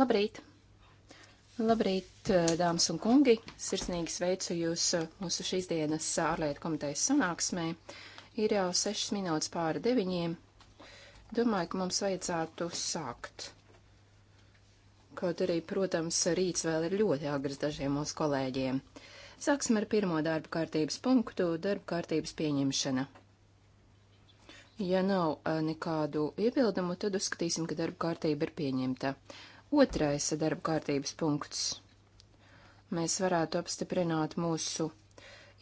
Labrīt! Labrīt, eh, dāmas un kungi! Sirsnīgi sveicu jūs eh, mūsu šīs dienas ārlietu komitejas sanāksmē. Ir jau 6 minūtes pāri deviņiem. Domāju, ka mums vajadzētu sākt. Kaut arī, protams, rīts vēl ir ļoti agrs dažiem mūsu kolēģiem. Sāksim ar pirmo darba kārtības punktu - darba kārtības pieņemšana. Ja nav eh, nekādu iebildumu, tad uzskatīsim, ka darba kārtība ir pieņemta. Otrais darba kārtības punkts. Mēs varētu apstiprināt mūsu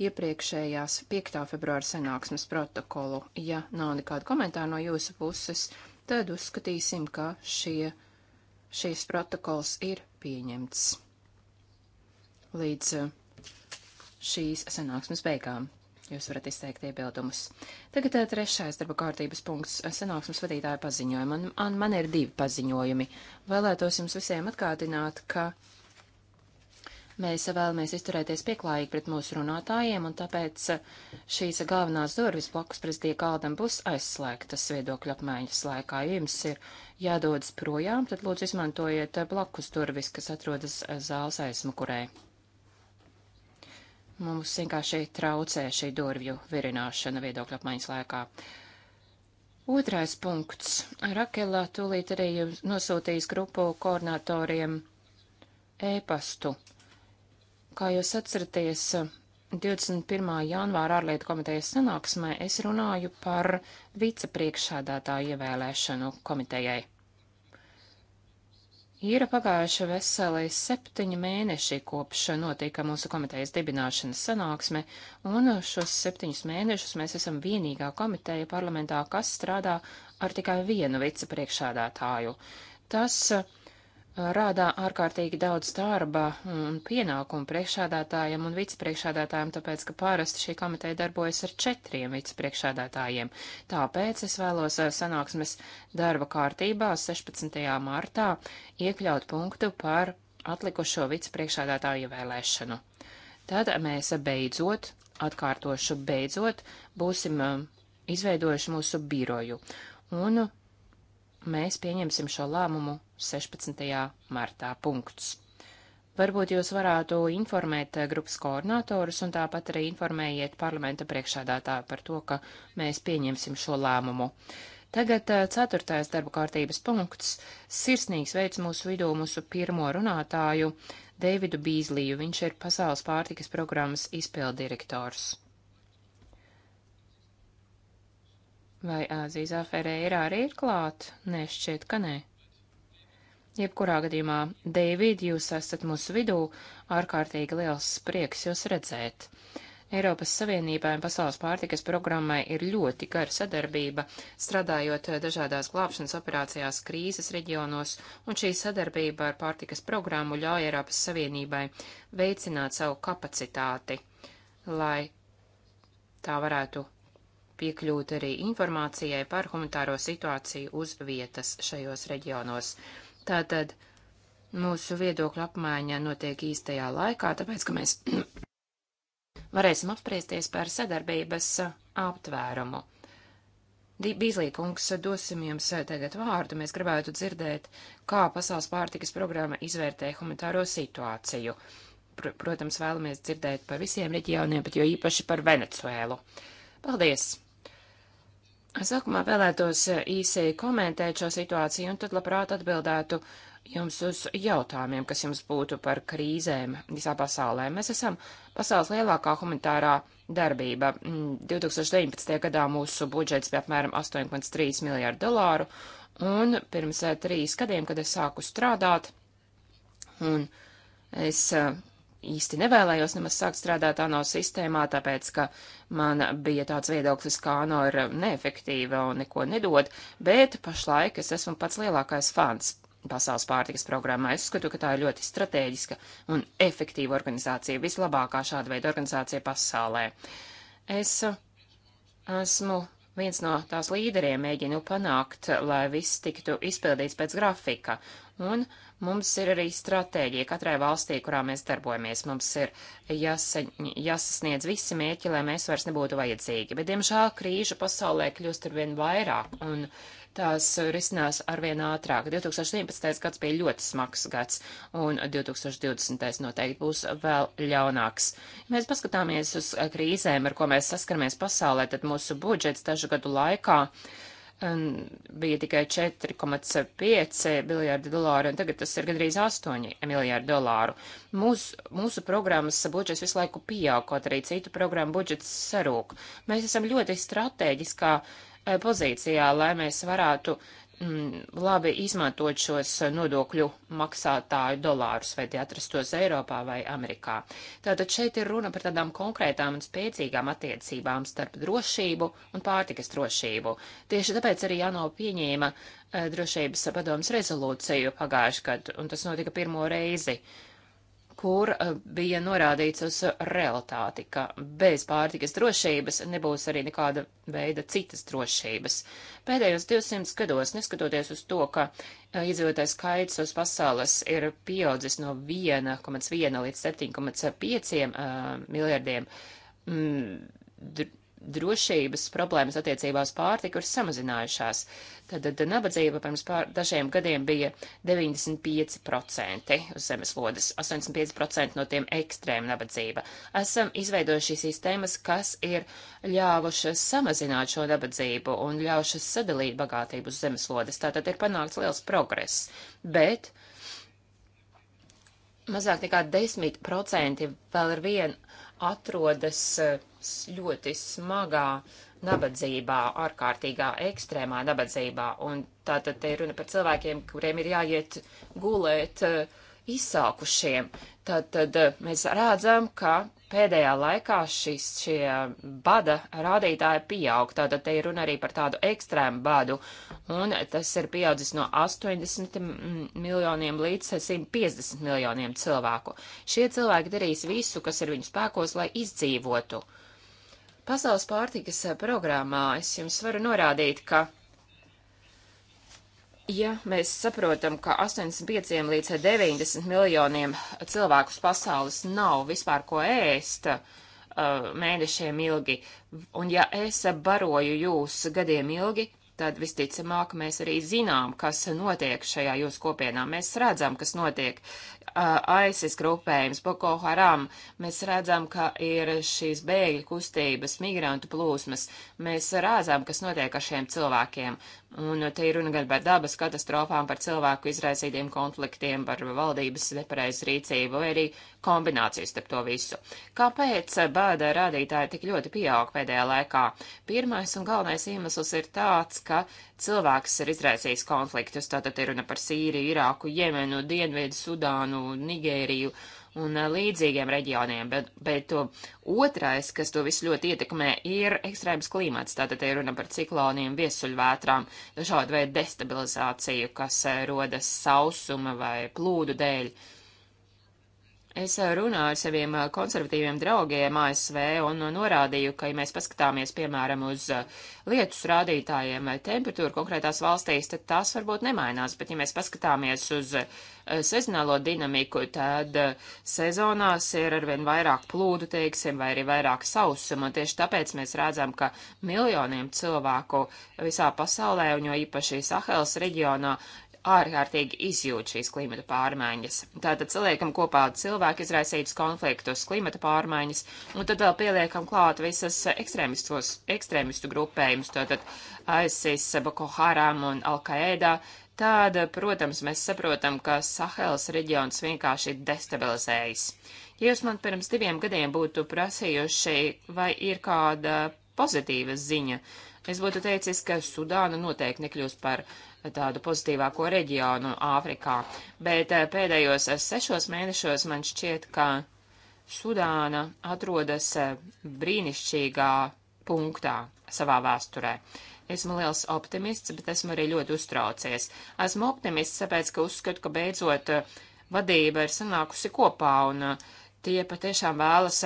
iepriekšējās 5. februāra sanāksmes protokolu. Ja nav nekādu komentāru no jūsu puses, tad uzskatīsim, ka šie, šīs protokols ir pieņemts līdz uh, šīs sanāksmes beigām. Jūs varat izteikt iebildumus. Tagad eh, trešais darba kārtības punkts - sanāksmes vadītāja paziņojuma. Man, man, man ir divi paziņojumi. Vēlētos jums visiem atgādināt, ka mēs vēlamies izturēties pieklājīgi pret mūsu runātājiem, un tāpēc eh, šīs galvenās durvis blakus prezidija galdam būs aizslēgtas viedokļu apmaiņas laikā. Ja jums ir jādodas projām, tad lūdzu izmantojiet blakus durvis, kas atrodas eh, zāles aizmukurē. Mums vienkārši traucē šī durvju virināšana viedokļa apmaiņas laikā. Otrais punkts. Rakela tūlīt arī nosūtīs grupu koordinatoriem ēpastu. Kā jūs atceraties, 21. janvāra ārlietu komitejas sanāksmē es runāju par vicepriekšsēdētāju ievēlēšanu komitejai. Ir pagājuši veseli septiņi mēneši kopš notika mūsu komitejas dibināšanas sanāksme, un šos septiņus mēnešus mēs esam vienīgā komiteja parlamentā, kas strādā ar tikai vienu vicepriekšādātāju. Tas uh, rādā ārkārtīgi daudz darba un pienākumu priekšādātājiem un vicepriekšādātājiem, tāpēc, ka parasti šī komiteja darbojas ar četriem vicepriekšādātājiem. Tāpēc es vēlos eh, sanāksmes darba kārtībā 16. martā iekļaut punktu par atlikušo vicepriekšādātāju ievēlēšanu. Tad mēs beidzot, atkārtošu beidzot, būsim eh, izveidojuši mūsu biroju. Un mēs pieņemsim šo lēmumu 16. martā. Punkts. Varbūt jūs varētu informēt eh, grupas koordinatorus un tāpat arī informējiet parlamenta priekšādātāju par to, ka mēs pieņemsim šo lēmumu. Tagad eh, ceturtais darba kārtības punkts. Sirsnīgs veids mūsu vidū mūsu pirmo runātāju, Deividu Bīzliju. Viņš ir Pasaules pārtikas programmas izpildirektors. Vai Azīzā Ferreira arī ir klāt? Nē, šķiet, ka nē. Jebkurā gadījumā, Deivid, jūs esat mūsu vidū, ārkārtīgi liels prieks jūs redzēt. Eiropas Savienībai un Pasaules pārtikas programmai ir ļoti gara sadarbība, strādājot dažādās glābšanas operācijās krīzes reģionos, un šī sadarbība ar pārtikas programmu ļauj Eiropas Savienībai veicināt savu kapacitāti, lai tā varētu piekļūt arī informācijai par humanitāro situāciju uz vietas šajos reģionos. Tātad mūsu viedokļu apmaiņa notiek īstajā laikā, tāpēc, ka mēs varēsim apspriesties par sadarbības aptvērumu. Bīzlīkungs, dosim jums tagad vārdu. Mēs gribētu dzirdēt, kā Pasaules pārtikas programma izvērtē humanitāro situāciju. Pr protams, vēlamies dzirdēt par visiem reģioniem, bet jo īpaši par Venecuēlu. Paldies! Sākumā vēlētos eh, īsi komentēt šo situāciju un tad labprāt atbildētu jums uz jautājumiem, kas jums būtu par krīzēm visā pasaulē. Mēs esam pasaules lielākā humanitārā darbība. 2019. Mm, gadā mūsu budžets bija apmēram 8,3 miljārdu dolāru, un pirms eh, trīs gadiem, kad es sāku strādāt, un es eh, īsti nevēlējos nemaz sākt strādāt ANO sistēmā, tāpēc, ka man bija tāds viedoklis, ka ANO ir neefektīva un neko nedod, bet pašlaik es esmu pats lielākais fans pasaules pārtikas programmā. Es uzskatu, ka tā ir ļoti strateģiska un efektīva organizācija, vislabākā šāda veida organizācija pasaulē. Es esmu viens no tās līderiem, mēģinu panākt, lai viss tiktu izpildīts pēc grafika, un Mums ir arī stratēģija katrai valstī, kurā mēs darbojamies. Mums ir jāsa, jāsasniedz visi mērķi, lai mēs vairs nebūtu vajadzīgi. Bet, diemžēl, krīžu pasaulē kļūst arvien vairāk, un tās risinās arvien ātrāk. 2017. gads bija ļoti smags gads, un 2020. noteikti būs vēl ļaunāks. Ja mēs paskatāmies uz krīzēm, ar ko mēs saskaramies pasaulē, tad mūsu budžets dažu gadu laikā uh, bija tikai 4,5 miljārdi dolāru, un tagad tas ir gandrīz 8 miljārdi dolāru. Mūs, mūsu programmas budžets visu laiku pieaug, kaut arī citu programmu budžets sarūk. Mēs esam ļoti strateģiskā eh, pozīcijā, lai mēs varētu uh, Mm, labi izmantot šos nodokļu maksātāju dolārus, vai tie atrastos Eiropā vai Amerikā. Tātad šeit ir runa par tādām konkrētām un spēcīgām attiecībām starp drošību un pārtikas drošību. Tieši tāpēc arī ANO pieņēma eh, drošības padomas rezolūciju pagājuši gadu, un tas notika pirmo reizi. Uh, kur eh, bija norādīts uz realitāti, ka bez pārtikas drošības nebūs arī nekāda veida citas drošības. Pēdējos 200 gados, neskatoties uz to, ka eh, iedzīvotājs skaits uz pasaules ir pieaudzis no 1,1 līdz 7,5 eh, miljardiem, mm, drošības problēmas attiecībā uz pārtiku ir samazinājušās. Tad, tad nabadzība pirms pār, dažiem gadiem bija 95% uz zemeslodes, 85% no tiem ekstrēma nabadzība. Esam izveidojuši sistēmas, kas ir ļāvušas samazināt šo nabadzību un ļaušas sadalīt bagātību uz zemeslodes. Tātad ir panākts liels progress. Bet mazāk nekā 10% vēl ar vienu atrodas eh, ļoti smagā nabadzībā, ārkārtīgā ekstrēmā nabadzībā, un tātad te ir runa par cilvēkiem, kuriem ir jāiet gulēt eh, izsākušiem. Tātad eh, mēs redzam, ka pēdējā laikā šis, šie bada rādītāji pieaug. Tātad te ir runa arī par tādu ekstrēmu badu, un tas ir pieaudzis no 80 miljoniem līdz 150 miljoniem cilvēku. Šie cilvēki darīs visu, kas ir viņu spēkos, lai izdzīvotu. Pasaules pārtikas programmā es jums varu norādīt, ka ja mēs saprotam, ka 85 līdz 90 miljoniem cilvēkus pasaules nav vispār ko ēst uh, mēnešiem ilgi, un ja es baroju jūs gadiem ilgi, tad visticamāk mēs arī zinām, kas notiek šajā jūsu kopienā. Mēs redzam, kas notiek. ISIS grupējums, Boko Haram, mēs redzam, ka ir šīs bēgļu kustības, migrantu plūsmas, mēs rāzām, kas notiek ar šiem cilvēkiem, un te ir runa gan par dabas katastrofām, par cilvēku izraisītiem konfliktiem, par valdības nepareizu rīcību, vai arī kombinācijas starp to visu. Kāpēc bāda rādītāji tik ļoti pieaug pēdējā laikā? Pirmais un galvenais iemesls ir tāds, ka cilvēks ir izraisījis konfliktus, tātad ir runa par Sīriju, Irāku, Jemenu, Dienvidu, Sudānu, Sudānu, Nigēriju un līdzīgiem reģioniem, bet, bet otrais, kas to visu ļoti ietekmē, ir ekstrēms klimats. Tātad ir runa par cikloniem, viesuļvētrām, dažādu veidu destabilizāciju, kas rodas sausuma vai plūdu dēļ. Uh, Es eh, runāju ar saviem eh, konservatīviem draugiem ASV un eh, norādīju, ka, ja mēs paskatāmies, piemēram, uz lietus rādītājiem vai temperatūru konkrētās valstīs, tad tās varbūt nemainās, bet, ja mēs paskatāmies uz sezonālo dinamiku, tad sezonās ir arvien vairāk plūdu, teiksim, vai arī vairāk sausuma, un tieši tāpēc mēs redzam, ka miljoniem cilvēku visā pasaulē, un jo īpaši Sahels reģionā, ārkārtīgi izjūt šīs klimata pārmaiņas. Tātad saliekam kopā cilvēku izraisītus konfliktus, klimata pārmaiņas, un tad vēl pieliekam klāt visas ekstrēmistu grupējumus, tātad ISIS, Boko Haram un Al-Qaeda. Tad, protams, mēs saprotam, ka Sahels reģions vienkārši destabilizējas. Ja jūs man pirms diviem gadiem būtu prasījuši, vai ir kāda pozitīva ziņa, es būtu teicis, ka Sudāna noteikti nekļūs par uh, tādu pozitīvāko reģionu Āfrikā. Bet eh, pēdējos eh, sešos mēnešos man šķiet, ka Sudāna atrodas eh, brīnišķīgā punktā savā vēsturē. Esmu liels optimists, bet esmu arī ļoti uztraucies. Esmu optimists, tāpēc, ka uzskatu, ka beidzot vadība ir sanākusi kopā un tie patiešām vēlas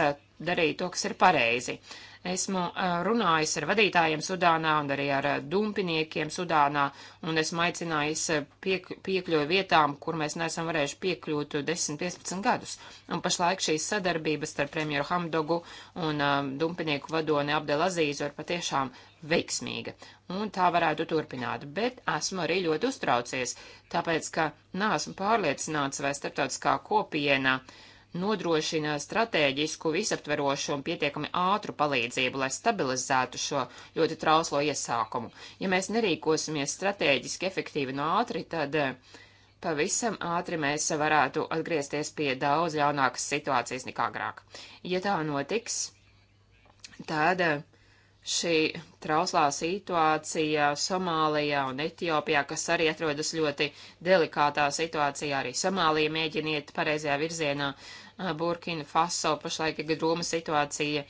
darīt to, kas ir pareizi. Esmu runājis ar vadītājiem Sudānā un arī ar dumpiniekiem Sudānā, un esmu aicinājis piek piekļuvi vietām, kur mēs neesam varējuši piekļūt 10-15 gadus. Un pašlaik šīs sadarbības starp premjeru Hamdogu un um, dumpinieku vadoni Abdelazīzu ir patiešām veiksmīga, un tā varētu turpināt, bet esmu arī ļoti uztraucies, tāpēc, ka nāsmu pārliecināts, vai starptautiskā kopiena uh, nodrošina stratēģisku, visaptverošu un pietiekami ātru palīdzību, lai stabilizētu šo ļoti trauslo iesākumu. Ja mēs nerīkosimies stratēģiski, efektīvi un no ātri, tad eh, pavisam ātri mēs varētu atgriezties pie daudz ļaunākas situācijas nekā agrāk. Ja tā notiks, tad uh, šī trauslā situācija Somālijā un Etiopijā, kas arī atrodas ļoti delikātā situācijā, arī Somālija mēģina iet pareizajā virzienā, Burkina Faso pašlaik ir grūma situācija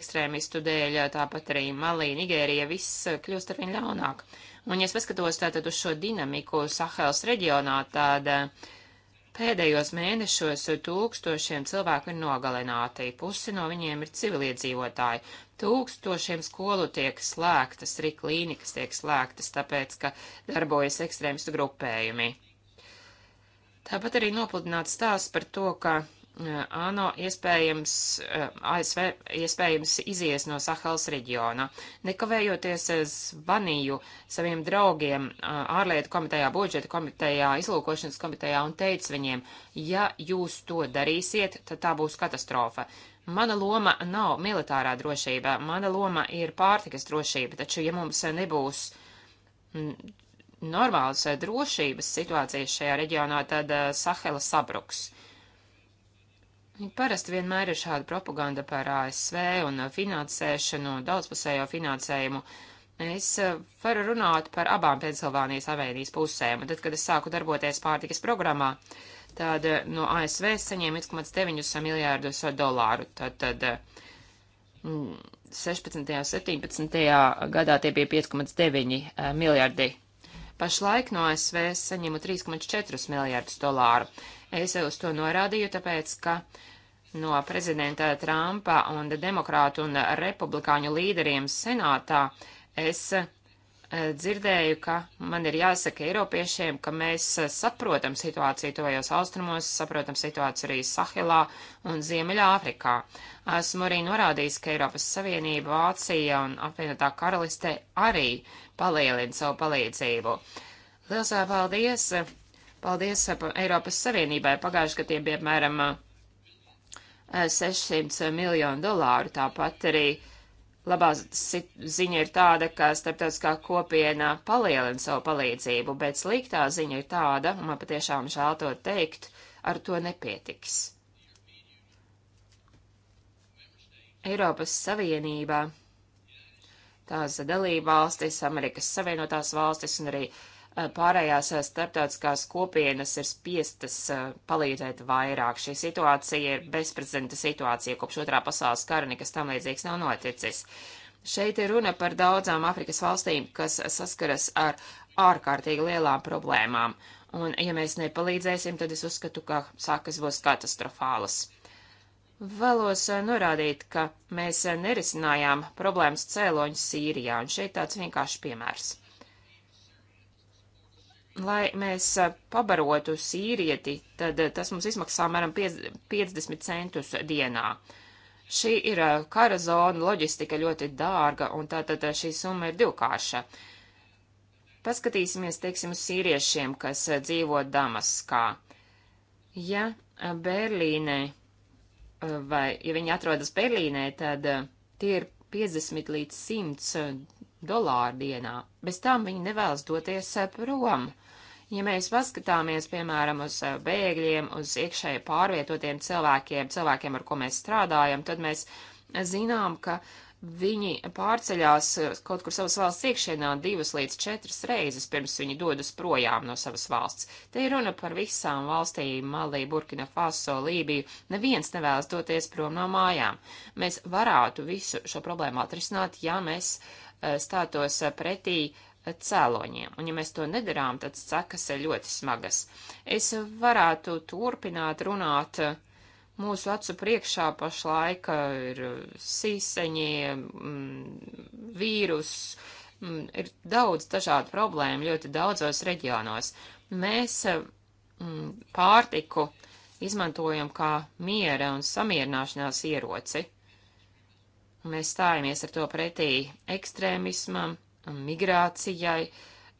ekstrēmistu dēļ, tāpat arī Malī, Nigērija, viss kļūst arvien ļaunāk. Un, ja es paskatos tātad uz šo dinamiku Sahels reģionā, tad uh, Pēdējos mēnešos tūkstošiem cilvēku ir nogalināti, pusi no viņiem ir civiliedzīvotāji, tūkstošiem skolu tiek slēgtas, arī klīnikas tiek slēgtas, tāpēc, ka darbojas ekstrēmistu grupējumi. Tāpat arī nopludināts stāsts par to, ka Eh, ANO iespējams, eh, ASV iespējams izies no Sahels reģiona. Nekavējoties zvanīju saviem draugiem eh, ārlietu komitejā, budžeta komitejā, izlūkošanas komitejā un teicu viņiem, ja jūs to darīsiet, tad tā būs katastrofa. Mana loma nav militārā drošība, mana loma ir pārtikas drošība, taču ja mums nebūs mm, normālas drošības situācijas šajā reģionā, tad Sahela sabruks. Uh, Parasti vienmēr ir šāda propaganda par ASV un uh, finansēšanu, daudzpusējo finansējumu. Es uh, varu runāt par abām Pensilvānijas avēnijas pusēm, un tad, kad es sāku darboties pārtikas programmā, tad uh, no ASV saņēmu 1,9 miljārdus dolāru. Tad, tad 16. un 17. gadā tie bija 5,9 miljardi. Pašlaik no ASV saņemu 3,4 miljārdus dolāru. Es uz to norādīju, tāpēc, ka no prezidenta Trumpa un demokrātu un republikāņu līderiem senātā es eh, dzirdēju, ka man ir jāsaka Eiropiešiem, ka mēs eh, saprotam situāciju tojos austrumos, saprotam situāciju arī Sahelā un Ziemeļā Afrikā. Esmu arī norādījis, ka Eiropas Savienība, Vācija un apvienotā karaliste arī palielina savu palīdzību. Liels eh, paldies Paldies Eiropas Savienībai. Pagājuši, ka tie bija apmēram 600 eh, miljonu dolāru. Tāpat arī labā ziņa ir tāda, ka starptautiskā kopiena palielina savu palīdzību, bet sliktā ziņa ir tāda, un man patiešām žēl to teikt, ar to nepietiks. Eiropas Savienībā, tās dalībvalstis, Amerikas Savienotās valstis un arī uh, Eh, pārējās eh, starptautiskās kopienas ir spiestas eh, palīdzēt vairāk. Šī situācija ir bezprecedenta situācija, kopš otrā pasaules kara nekas tam līdzīgs nav noticis. Šeit ir runa par daudzām Afrikas valstīm, kas saskaras ar ārkārtīgi lielām problēmām, un ja mēs nepalīdzēsim, tad es uzskatu, ka sākas būs katastrofālas. Vēlos norādīt, ka mēs nerisinājām problēmas cēloņus Sīrijā, un šeit tāds vienkāršs piemērs lai mēs eh, pabarotu sīrieti, tad eh, tas mums izmaksā mēram 50 centus dienā. Šī ir eh, kara zona, loģistika ļoti dārga, un tātad šī summa ir divkārša. Paskatīsimies, teiksim, uz sīriešiem, kas dzīvo Damaskā. Ja Berlīnē, vai ja viņi atrodas Berlīnē, tad tie ir 50 līdz 100 dolāru dienā. Bez tām viņi nevēlas doties prom. Uh, Ja mēs paskatāmies, piemēram, uz eh, bēgļiem, uz iekšēji pārvietotiem cilvēkiem, cilvēkiem, ar ko mēs strādājam, tad mēs zinām, ka viņi pārceļās eh, kaut kur savas valsts iekšienā divas līdz četras reizes, pirms viņi dodas projām no savas valsts. Te ir runa par visām valstīm - Malī, Burkina Faso, Lībiju. Neviens nevēlas doties prom no mājām. Mēs varētu visu šo problēmu atrisināt, ja mēs eh, stātos pretī uh, cēloņiem, un ja mēs to nedarām, tad sekas ir ļoti smagas. Es varētu turpināt runāt. Eh, mūsu acu priekšā pašlaik eh, ir eh, sīseņi, mm, vīrus, mm, ir daudz dažādu problēmu ļoti daudzos reģionos. Mēs mm, pārtiku izmantojam kā miera un samierināšanās ieroci. Mēs stājamies ar to pretī ekstrēmismam, migrācijai,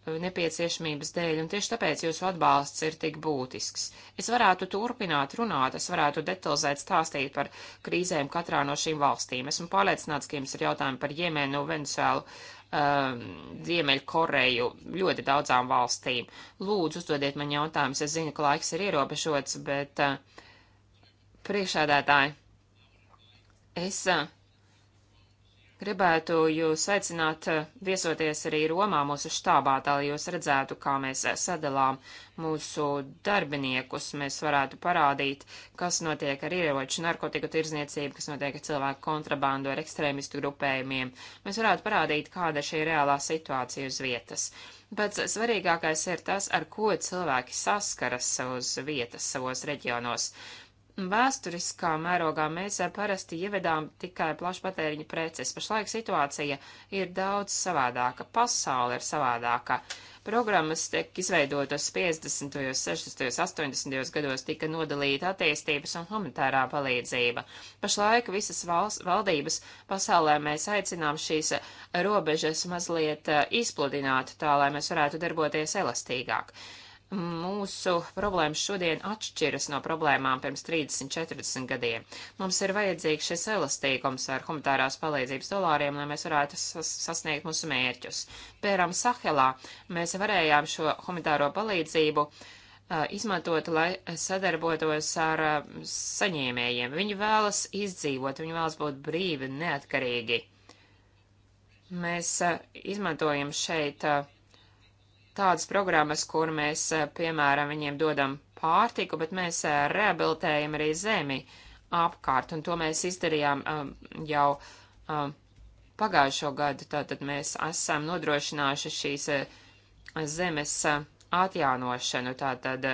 eh, nepieciešamības dēļ, un tieši tāpēc jūsu atbalsts ir tik būtisks. Es varētu turpināt runāt, es varētu detalizēt stāstīt par krīzēm katrā no šīm valstīm. Esmu pārliecināts, ka jums ir jautājumi par Jemenu, Venezuelu, um, ehm, Ziemeļkoreju, ļoti daudzām valstīm. Lūdzu, uzdodiet man jautājumus, es zinu, ka laiks ir ierobežots, bet uh, eh, priekšādētāji, es. Uh, Gribētu jūs aicināt eh, viesoties arī Romā mūsu štābā, tā lai jūs redzētu, kā mēs eh, sadalām mūsu darbiniekus. Mēs varētu parādīt, kas notiek ar ieroču narkotiku tirzniecību, kas notiek ar cilvēku kontrabandu, ar ekstrēmistu grupējumiem. Mēs varētu parādīt, kāda šī reālā situācija uz vietas. Pats svarīgākais ir tas, ar ko cilvēki saskaras uz vietas savos reģionos. Vēsturiskā mērogā mēs parasti ievedām tikai plašpatēriņa preces. Pašlaik situācija ir daudz savādāka, pasaule ir savādāka. Programmas tiek izveidotas 50., 60., 80. gados tika nodalīta attīstības un humanitārā palīdzība. Pašlaik visas valsts, valdības pasaulē mēs aicinām šīs robežas mazliet eh, izpludināt tā, lai mēs varētu darboties elastīgāk mūsu problēmas šodien atšķiras no problēmām pirms 30, 40 gadiem. Mums ir vajadzīgs šis elastīgums ar humanitārās palīdzības dolāriem, lai mēs varētu sas sasniegt mūsu mērķus. Piemēram, Sahelā mēs varējām šo humanitāro palīdzību uh, izmantot, lai sadarbotos ar uh, saņēmējiem. Viņi vēlas izdzīvot, viņi vēlas būt brīvi un neatkarīgi. Mēs uh, izmantojam šeit uh, tādas programmas, kur mēs, eh, piemēram, viņiem dodam pārtiku, bet mēs eh, rehabilitējam arī zemi apkārt, un to mēs izdarījām um, jau um, pagājušo gadu, tātad mēs esam nodrošinājuši šīs eh, zemes atjānošanu, tātad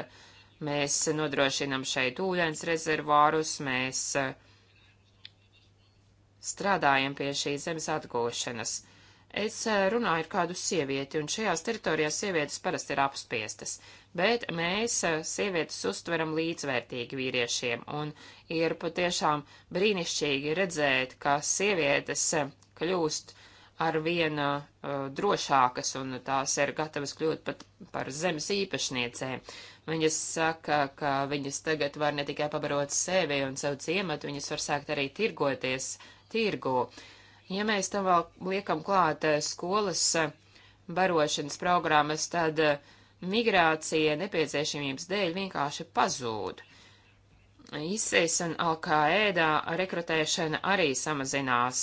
mēs nodrošinam šeit ūdens rezervārus, mēs strādājam pie šīs zemes atgūšanas. Es eh, runāju ar kādu sievieti, un šajās teritorijās sievietes parasti ir apspiestas, bet mēs eh, sievietes uztveram līdzvērtīgi vīriešiem, un ir patiešām brīnišķīgi redzēt, ka sievietes eh, kļūst ar vien uh, drošākas, un tās ir gatavas kļūt pat par zemes īpašniecēm. Viņas saka, ka viņas tagad var ne tikai pabarot sevi un savu ciematu, viņas var sākt arī tirgoties tirgu. Uh, Ja mēs tam vēl liekam klāt eh, skolas eh, barošanas programmas, tad eh, migrācija nepieciešamības dēļ vienkārši pazūd. ISIS un Alkaēdā rekrutēšana arī samazinās.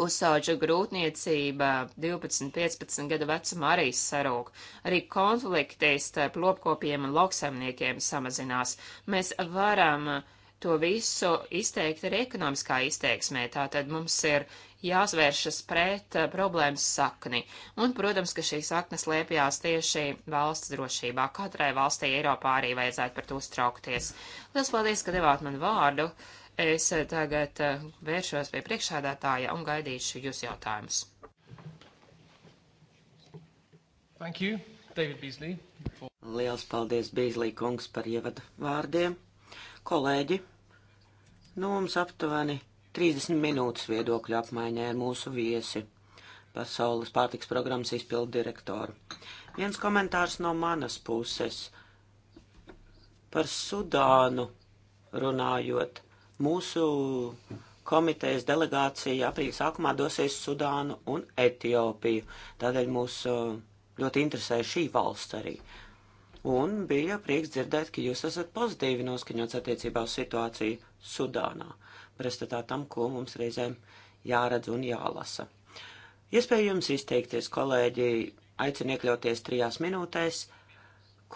Pusauģu grūtniecība 12-15 gadu vecumā arī sarūk. Arī konflikti starp lopkopiem un lauksaimniekiem samazinās. Mēs varam uh, to visu izteikt arī ekonomiskā izteiksmē. Tātad mums ir jāsvēršas pret eh, problēmas sakni. Un, protams, ka šī sakne slēpjās tieši valsts drošībā. Katrai valstī Eiropā arī vajadzētu par to uztraukties. Lielas paldies, ka devāt man vārdu. Es eh, tagad eh, vēršos pie priekšādātāja un gaidīšu jūs jautājumus. Thank you, David Beasley. For... Liels paldies, Beasley kungs, par ievadu vārdiem. Kolēģi, nu mums aptuveni 30 minūtes viedokļu apmaiņā ar mūsu viesi, Pasaules pārtiks programmas izpildu direktoru. Viens komentārs no manas puses par Sudānu runājot. Mūsu komitejas delegācija aprīļa sākumā dosies Sudānu un Etiopiju. Tādēļ mūs uh, ļoti interesē šī valsts arī. Un bija prieks dzirdēt, ka jūs esat pozitīvi noskaņots attiecībā uz situāciju Sudānā, pretstatā tam, ko mums reizēm jāredz un jālasa. Iespēja jums izteikties, kolēģi, aicinu iekļauties trijās minūtēs.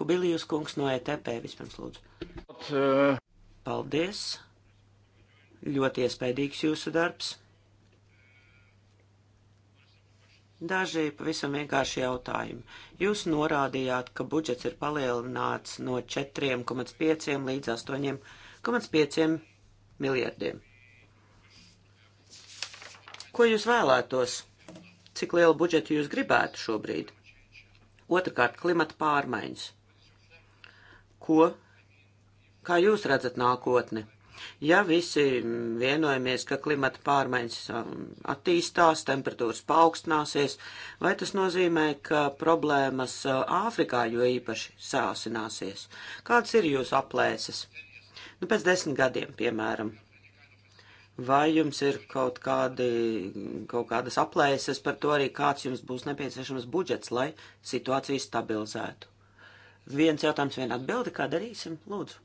Kubilijus kungs no ETP vispirms lūdzu. Paldies! Ļoti iespaidīgs jūsu darbs. Daži pavisam vienkārši jautājumi. Jūs norādījāt, ka budžets ir palielināts no 4,5 līdz 8,5 miljardiem. Ko jūs vēlētos? Cik lielu budžetu jūs gribētu šobrīd? Otrakārt, klimata pārmaiņas. Ko? Kā jūs redzat nākotni? Ja visi vienojamies, ka klimata pārmaiņas um, attīstās, temperatūras paaugstināsies, vai tas nozīmē, ka problēmas uh, Āfrikā jo īpaši sāsināsies? Kāds ir jūsu aplēses? Nu, pēc desmit gadiem, piemēram. Vai jums ir kaut, kādi, kaut kādas aplēses par to arī, kāds jums būs nepieciešams budžets, lai situāciju stabilizētu? Viens jautājums, viena atbilde, kā darīsim, lūdzu.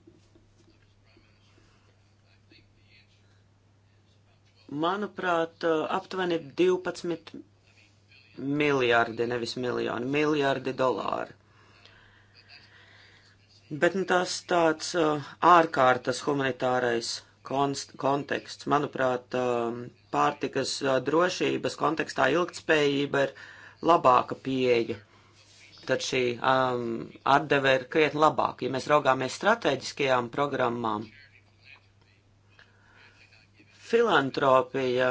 manuprāt, aptuveni 12 miljardi, nevis miljoni, miljardi dolāri. Bet nu, tas tāds ārkārtas humanitārais konst, konteksts, manuprāt, pārtikas drošības kontekstā ilgtspējība ir labāka pieeja. Tad šī um, atdeve ir krietni labāka. Ja mēs raugāmies strateģiskajām programmām, Filantropija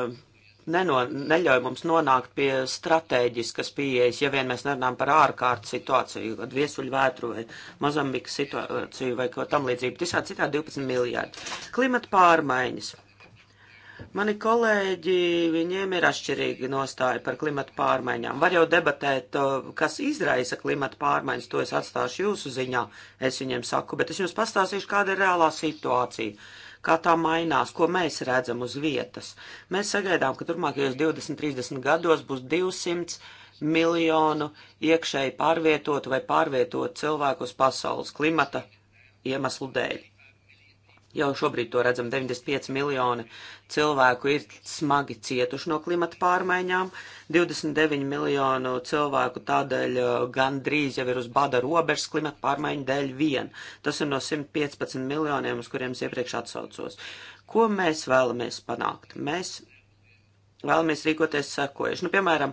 neno, neļauj mums nonākt pie stratēģiskas pieejas, ja vien mēs nerunājam par ārkārtas situāciju, kad viesuļu vētru vai Mozambikas situāciju vai ko tam līdzību. Tisā citā 12 miljārdi. Klimata pārmaiņas. Mani kolēģi, viņiem ir atšķirīga nostāja par klimata pārmaiņām. Var jau debatēt, kas izraisa klimata pārmaiņas, to es atstāšu jūsu ziņā, es viņiem saku, bet es jums pastāstīšu, kāda ir reālā situācija kā tā mainās, ko mēs redzam uz vietas. Mēs sagaidām, ka turpmākajos 20-30 gados būs 200 miljonu iekšēji pārvietotu vai pārvietotu cilvēku uz pasaules klimata iemeslu dēļ. Jau šobrīd to redzam, 95 miljoni cilvēku ir smagi cietuši no klimata pārmaiņām, 29 miljonu cilvēku tādēļ eh, gandrīz jau ir uz bada robežas klimata pārmaiņu dēļ vien. Tas ir no 115 miljoniem, uz kuriem es iepriekš atsaucos. Ko mēs vēlamies panākt? Mēs vēlamies rīkoties sekojuši. Nu, piemēram,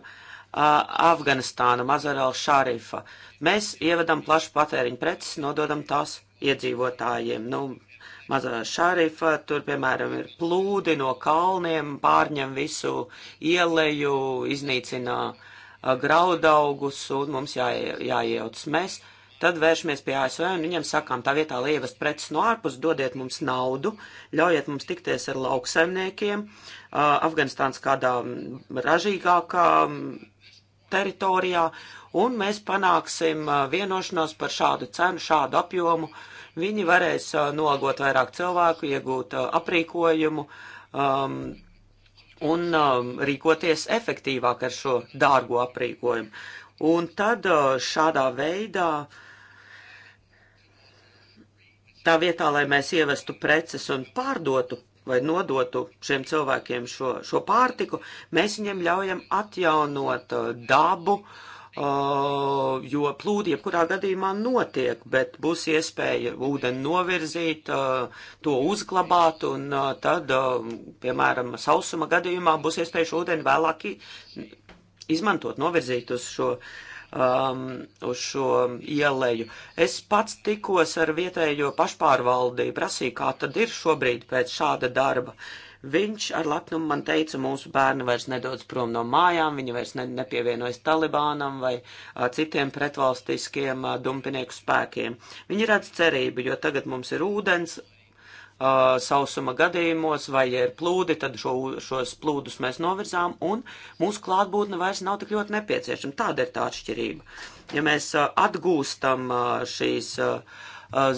Afganistāna, Mazarela Šarifa. Mēs ievedam plašu patēriņu preces, nododam tās iedzīvotājiem. Nu, mazā šarifa, tur, piemēram, ir plūdi no kalniem, pārņem visu ieleju, iznīcinā graudaugus un mums jā, jāiejauc mēs. Tad vēršamies pie ASV un viņiem sakām, tā vietā lievas preces no ārpus, dodiet mums naudu, ļaujiet mums tikties ar lauksaimniekiem. Uh, Afganistāns kādā ražīgākā teritorijā, un mēs panāksim vienošanos par šādu cenu, šādu apjomu, uh, Viņi varēs uh, nogot vairāk cilvēku, iegūt uh, aprīkojumu um, un um, rīkoties efektīvāk ar šo dārgo aprīkojumu. Un tad uh, šādā veidā uh, Tā vietā, lai mēs ievestu preces un pārdotu vai nodotu šiem cilvēkiem šo, šo pārtiku, mēs viņiem ļaujam atjaunot dabu, uh, Uh, jo plūdi jebkurā gadījumā notiek, bet būs iespēja ūdeni novirzīt, uh, to uzglabāt, un uh, tad, uh, piemēram, sausuma gadījumā būs iespēja šo ūdeni vēlāk izmantot, novirzīt uz šo. Um, uz šo ieleju. Es pats tikos ar vietējo pašpārvaldi, prasīju, kā tad ir šobrīd pēc šāda darba. Uh, Viņš ar lepnumu man teica, mūsu bērni vairs nedodas prom no mājām, viņi vairs ne, nepievienojas Talibānam vai a, citiem pretvalstiskiem a, dumpinieku spēkiem. Viņi redz cerību, jo tagad mums ir ūdens, Uh, sausuma gadījumos, vai ja ir plūdi, tad šo, šos plūdus mēs novirzām, un mūsu klātbūtne vairs nav tik ļoti nepieciešama. Tāda ir tā atšķirība. Ja mēs uh, atgūstam uh, šīs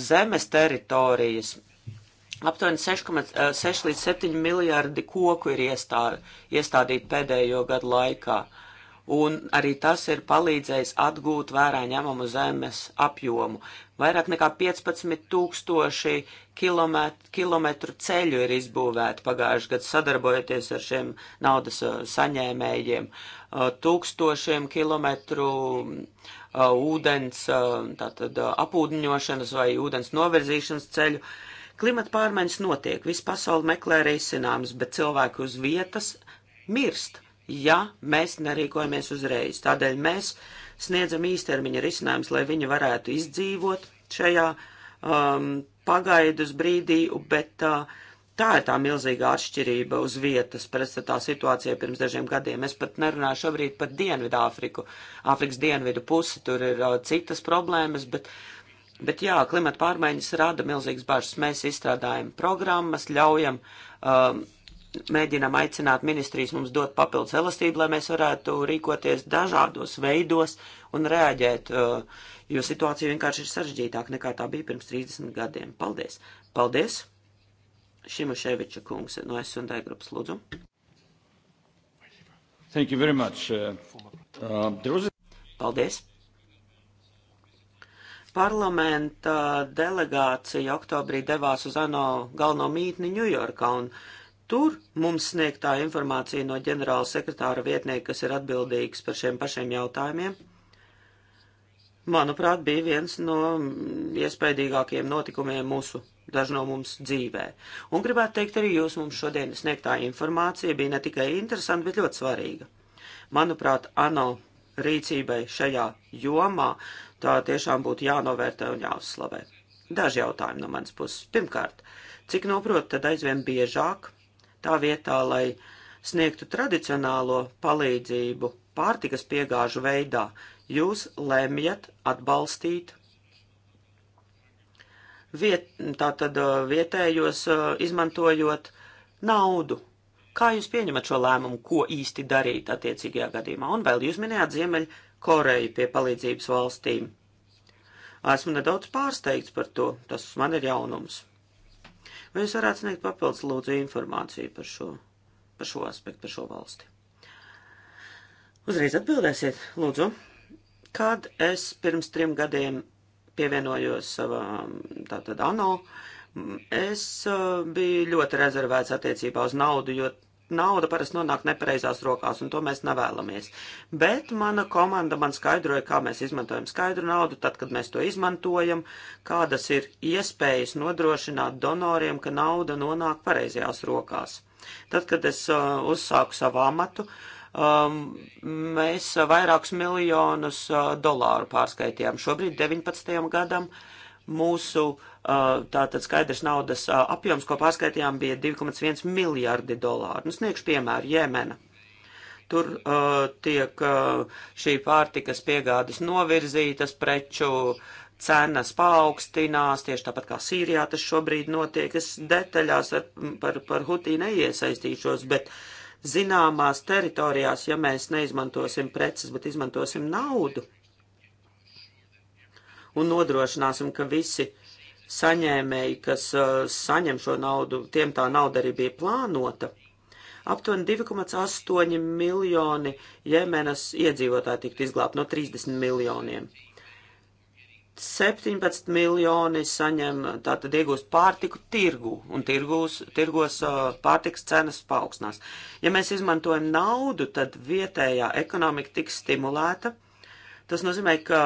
zemes teritorijas, Aptuveni 6,6 eh, līdz 7 miljardi koku ir iestā, iestādīti pēdējo gadu laikā, un arī tas ir palīdzējis atgūt vērā ņemamu zemes apjomu. Vairāk nekā 15 tūkstoši kilometru, kilometru ceļu ir izbūvēti pagājuši gadu sadarbojoties ar šiem naudas eh, saņēmējiem, eh, tūkstošiem kilometru ūdens, tātad apūdiņošanas vai ūdens novirzīšanas ceļu Klimata pārmaiņas notiek, visa pasaule meklē risinājumus, bet cilvēki uz vietas mirst, ja mēs nerīkojamies uzreiz. Tādēļ mēs sniedzam īstermiņa risinājumus, lai viņi varētu izdzīvot šajā um, pagaidus brīdī, bet uh, Tā ir tā milzīga atšķirība uz vietas pretstatā situācijai pirms dažiem gadiem. Es pat nerunāju šobrīd par Dienvidu Āfriku. Āfrikas dienvidu pusi tur ir uh, citas problēmas, bet Bet jā, klimata pārmaiņas rada milzīgas bažas. Mēs izstrādājam programmas, ļaujam, um, mēģinam aicināt ministrijas mums dot papildus elastību, lai mēs varētu rīkoties dažādos veidos un reaģēt, uh, jo situācija vienkārši ir sarežģītāka nekā tā bija pirms 30 gadiem. Paldies! Paldies! Šimuševiča kungs no S&D grupas lūdzu. Thank you very much. Uh, uh, there was a... Paldies! parlamenta delegācija oktobrī devās uz ANO galveno mītni Ņujorkā, un tur mums sniegtā informācija no ģenerāla sekretāra vietnieka, kas ir atbildīgs par šiem pašiem jautājumiem, manuprāt, bija viens no iespaidīgākajiem notikumiem mūsu daži no mums dzīvē. Un gribētu teikt, arī jūs mums šodien sniegtā informācija bija ne tikai interesanta, bet ļoti svarīga. Manuprāt, ANO rīcībai šajā jomā tā tiešām būtu jānovērtē un jāuzslavē. Daži jautājumi no manas puses. Pirmkārt, cik noprotu, tad aizvien biežāk tā vietā, lai sniegtu tradicionālo palīdzību pārtikas piegāžu veidā, jūs lemjat atbalstīt viet, tātad uh, vietējos uh, izmantojot naudu. Kā jūs pieņemat šo lēmumu, ko īsti darīt attiecīgajā gadījumā? Un vēl jūs minējāt Ziemeļa Koreju pie palīdzības valstīm. Esmu nedaudz pārsteigts par to, tas man ir jaunums. Vai jūs varētu sniegt papildus lūdzu informāciju par šo, par šo aspektu, par šo valsti? Uzreiz atbildēsiet, lūdzu. Kad es pirms trim gadiem pievienojos savām tātad ANO, es uh, biju ļoti rezervēts attiecībā uz naudu, jo nauda parasti nonāk nepareizās rokās, un to mēs nevēlamies. Bet mana komanda man skaidroja, kā mēs izmantojam skaidru naudu, tad, kad mēs to izmantojam, kādas ir iespējas nodrošināt donoriem, ka nauda nonāk pareizajās rokās. Tad, kad es uh, uzsāku savu amatu, um, mēs vairākus miljonus uh, dolāru pārskaitījām. Šobrīd 19. gadam mūsu uh, tātad skaidrs naudas apjoms, ko pārskaitījām, bija 2,1 miljārdi dolāru. Nu, sniegšu piemēru Jemena. Tur uh, tiek uh, šī pārtikas piegādes novirzītas, preču cenas paaugstinās, tieši tāpat kā Sīrijā tas šobrīd notiek. Es detaļās ar, par, par Hutī neiesaistīšos, bet zināmās teritorijās, ja mēs neizmantosim preces, bet izmantosim naudu un nodrošināsim, ka visi uh, saņēmēji, kas uh, saņem šo naudu, tiem tā nauda arī bija plānota. Aptuveni 2,8 miljoni Jemenas iedzīvotāji tiktu izglābti no 30 miljoniem. 17 miljoni saņem, tātad iegūst pārtiku tirgu, un tirgūs, tirgos uh, pārtiks cenas paaugstinās. Ja mēs izmantojam naudu, tad vietējā ekonomika tiks stimulēta. Tas nozīmē, ka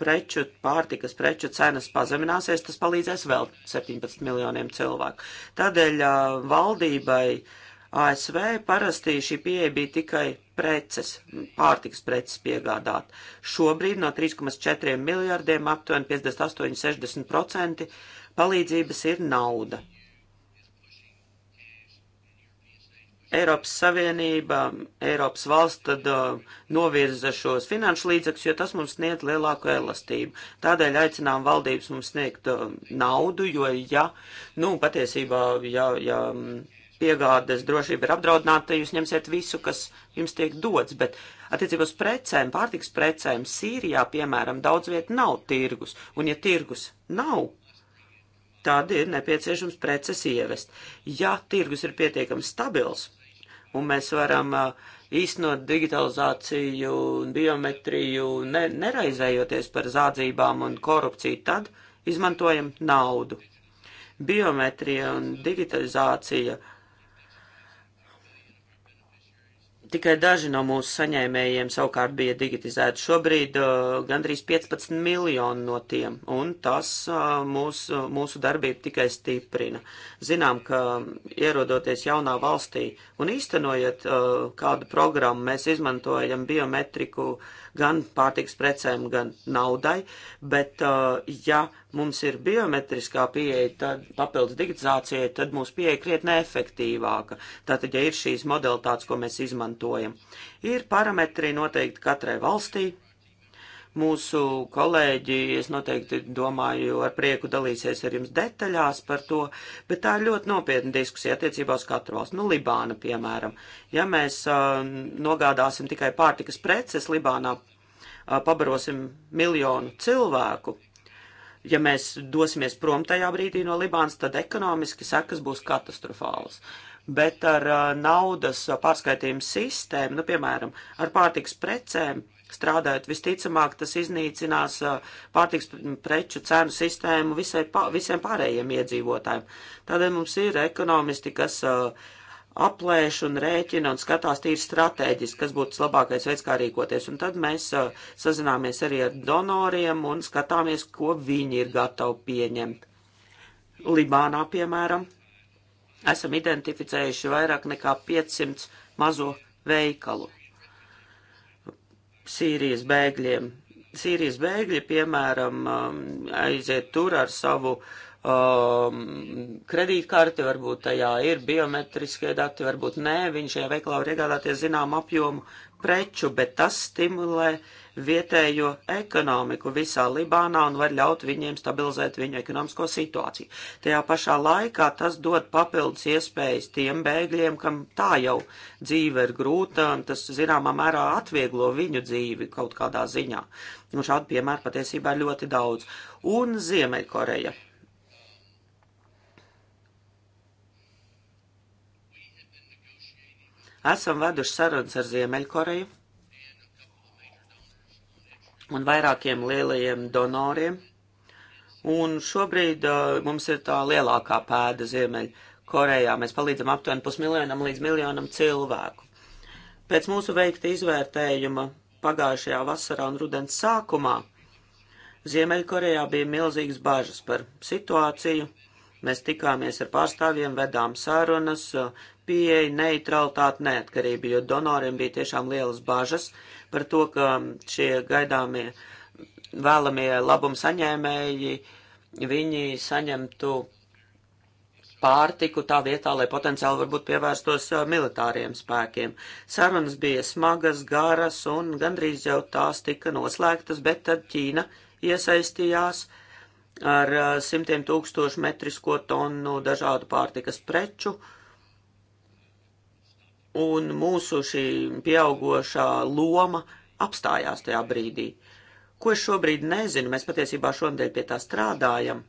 preču, pārtikas preču cenas pazemināsies, tas palīdzēs vēl 17 miljoniem cilvēku. Tādēļ valdībai ASV parasti šī pieeja bija tikai preces, pārtikas preces piegādāt. Šobrīd no 3,4 miljārdiem aptuveni 58-60% palīdzības ir nauda. Eiropas Savienība, Eiropas valsts tad uh, novirza šos finanšu līdzekļus, jo tas mums sniedz lielāku elastību. Tādēļ aicinām valdības mums sniegt uh, naudu, jo ja, nu, patiesībā, ja, ja mm, piegādes drošība ir apdraudināta, jūs ņemsiet visu, kas jums tiek dots, bet attiecībā uz precēm, pārtiks precēm, Sīrijā, piemēram, daudz viet nav tirgus, un ja tirgus nav, tad ir nepieciešams preces ievest. Ja tirgus ir pietiekami stabils, un mēs varam īstenot digitalizāciju un biometriju, ne, neraizējoties par zādzībām un korupciju, tad izmantojam naudu. Biometrija un digitalizācija uh, Tikai daži no mūsu saņēmējiem savukārt bija digitizēti. Šobrīd uh, gandrīz 15 miljoni no tiem, un tas uh, mūs, uh, mūsu darbību tikai stiprina. Zinām, ka ierodoties jaunā valstī un īstenojot uh, kādu programmu, mēs izmantojam biometriku uh, gan pārtiks precēm, gan naudai, bet uh, ja mums ir biometriskā pieeja, tad papildus digitalizācijai, tad mūsu pieeja krietni efektīvāka. Tātad, ja ir šīs modalitātes, ko mēs izmantojam, ir parametri noteikti katrai valstī, Mūsu kolēģi, es noteikti domāju, ar prieku dalīsies ar jums detaļās par to, bet tā ir ļoti nopietna diskusija attiecībā uz katru valstu. Nu, Libāna, piemēram. Ja mēs uh, nogādāsim tikai pārtikas preces Libānā, uh, pabarosim miljonu cilvēku, ja mēs dosimies prom tajā brīdī no Libānas, tad ekonomiski sekas būs katastrofālas. Bet ar uh, naudas uh, pārskaitījumu sistēmu, nu, piemēram, ar pārtiks precēm, strādājot. Visticamāk, tas iznīcinās uh, pārtiks preču cenu sistēmu visai, visiem pārējiem iedzīvotājiem. Tādēļ mums ir ekonomisti, kas uh, aplēš un rēķina un skatās tīri strateģiski, kas būtu labākais veids, kā rīkoties. Un tad mēs uh, sazināmies arī ar donoriem un skatāmies, ko viņi ir gatavi pieņemt. Libānā, piemēram, esam identificējuši vairāk nekā 500 mazo veikalu Sīrijas bēgļiem. Sīrijas bēgļi, piemēram, um, aiziet tur ar savu um, kredītkarti, varbūt tajā ir biometriskie dati, varbūt nē, viņš šajā veiklā var iegādāties zinām apjomu preču, bet tas stimulē vietējo ekonomiku visā Libānā un var ļaut viņiem stabilizēt viņu ekonomisko situāciju. Tajā pašā laikā tas dod papildus iespējas tiem bēgļiem, kam tā jau dzīve ir grūta, un tas zināmā mērā atvieglo viņu dzīvi kaut kādā ziņā. Un šādu piemēru patiesībā ir ļoti daudz. Un Ziemeļkoreja. Esam veduši sarunas ar Ziemeļkoreju un vairākiem lielajiem donoriem. Un šobrīd uh, mums ir tā lielākā pēda Ziemeļkorejā. Mēs palīdzam aptuveni pusmiljonam līdz miljonam cilvēku. Pēc mūsu veikta izvērtējuma pagājušajā vasarā un rudens sākumā Ziemeļkorejā bija milzīgas bažas par situāciju. Mēs tikāmies ar pārstāvjiem, vedām sarunas, pieeja, neutralitāte, neatkarība, jo donoriem bija tiešām lielas bažas par to, ka šie gaidāmie vēlamie labumu saņēmēji, viņi saņemtu pārtiku tā vietā, lai potenciāli varbūt pievērstos militāriem spēkiem. Sarunas bija smagas, garas un gandrīz jau tās tika noslēgtas, bet tad Ķīna iesaistījās ar simtiem tūkstošu metrisko tonu dažādu pārtikas preču uh, un mūsu šī pieaugošā loma apstājās tajā brīdī. Ko es šobrīd nezinu, mēs patiesībā šonadēļ pie tā strādājam.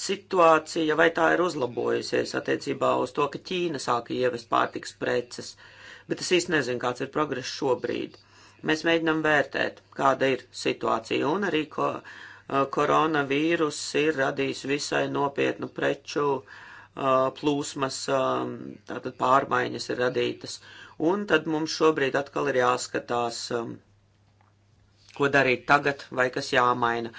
Situācija vai tā ir uzlabojusies attiecībā uz to, ka Ķīna sāka ievest pārtiks preces, bet es īsti nezinu, kāds ir progress šobrīd. Mēs mēģinam vērtēt, kāda ir situācija, un arī ko, eh, koronavīrus ir radījis visai nopietnu preču uh, plūsmas, tātad pārmaiņas ir radītas. Un tad mums šobrīd atkal ir jāskatās, ko darīt tagad vai kas jāmaina.